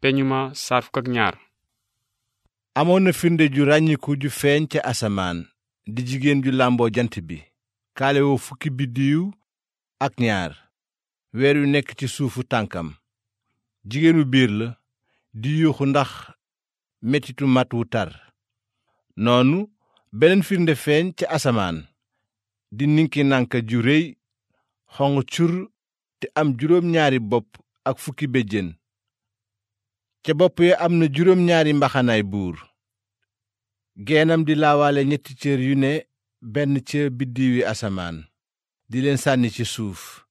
peñuma saar ñaar amoon na firnde ju ràññiku ju feeñ ca asamaan di jigéen ju làmboo jant bi kaalewoo fukki biddiw ak ñaar weer yu nekk ci suufu tànkam jigéenu biir la di yuuxu ndax metitu mat wu tar noonu beneen firnde feeñ ca asamaan di ninki nanka ju réy xonq cur te am juróom ñaari bopp ak fukki béjjén ca bopp ya am na juróom ñaari mbaxanaay buur geenam di laawaale ñetti cër yu ne benn ca biddiwi asamaan di leen sànni ci suuf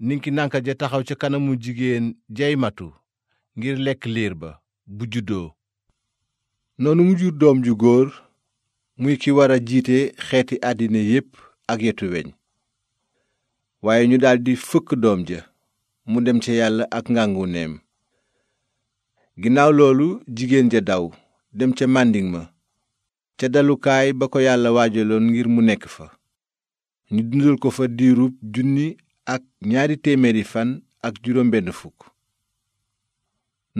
ninki nanka ja taxaw ca kanamu jigéen jay matu ngir lekk liir ba bu juddoo noonu mu jur doom ju góor muy ki war a jiite xeeti àddina yépp ak yetu weñ waaye ñu daldi fëkk doom ja mu dem ca yàlla ak ngàngu neem ginnaaw loolu jigéen ja daw dem ca màndiŋ ma ca dalukaay ba ko yàlla waajaloon ngir mu nekk fa ñu dundal ko fa diirub junni ak ñaari téeméeri fan ak juróom benn fukk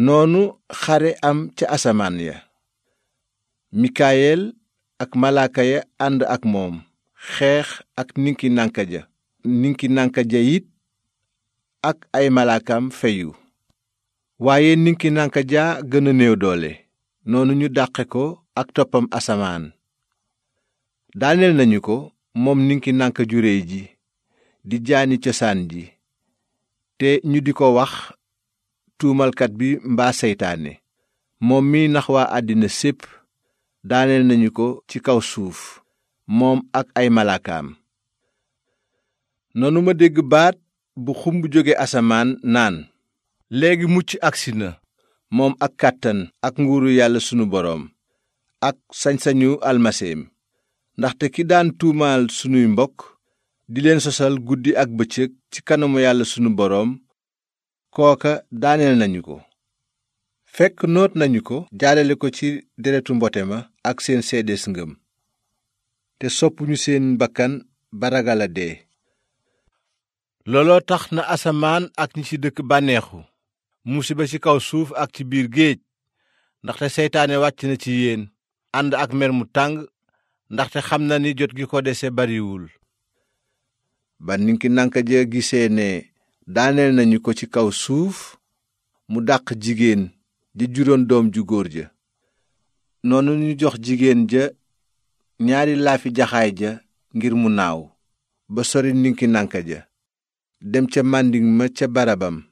noonu xare am ca asamaan ya mikaayel ak malaaka ya ànd ak moom xeex ak ninki nanka ja it ak ay malaakaam feyu waaye ninki nanka ja gën a néew doole noonu ñu dàqe ko ak toppam asamaan daaneel nañu ko moom ninki nanka ju réy ji di jaani cosaan ji te ñu di ko wax tuumalkat bi mbaa seytaane moom miy nax waa àddina sépp daaneel nañu ko ci kaw suuf moom ak ay malaakaam noonu ma dégg baat bu xumb jóge asamaan naan léegi mucc agsi na moom ak kàttan ak nguuru yàlla sunu boroom ak sañ-sañu almaseem ndaxte ki daan tuumaal sunuy mbokk di leen sosal guddi ak bëccëg ci kanamu yàlla sunu boroom kooka daaneel nañu ko fekk noot nañu ko jaarale ko ci deretu mbote ma ak seen seedees ngëm te soppuñu seen bakkan ba ragal a dee looloo tax na asamaan ak ci dëkk bànneexu musiba ci kaw suuf ak ci biir géej ndaxte seytaane wàcc na ci yéen ànd ak mer mu tàng ndaxte xam na ni jot gi ko dese bariwul ba ninki nanka ja gisee ne daaneel nañu ko ci kaw suuf mu dàq jigéen di juróon doom ju góor ja noonu ñu jox jigéen ja ñaari laafi jaxaay ja ngir mu naaw ba sori ninki nanka ja dem ca màndiŋ ma ca barabam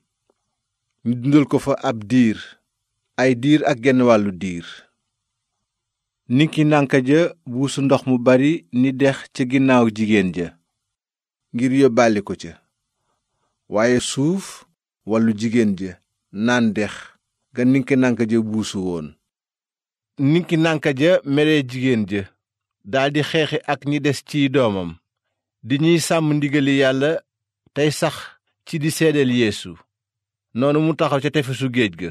ñu dundal ko fa ab diir ay diir ak genn wàllu diir niki nànka ja buusu ndox mu bari ni dex ca ginnaaw jigéen ja ngir yóbbale ko ca waaye suuf wàllu jigéen ja naan dex ga niki nànka ja buusu woon ninki nànka ja meree jigéen ja daldi xeexi ak ñi des ciy doomam di ñuy sàmm ndigali yàlla tey sax ci di seedeel yéesu noonu mu taxaw ca tefesu géej ga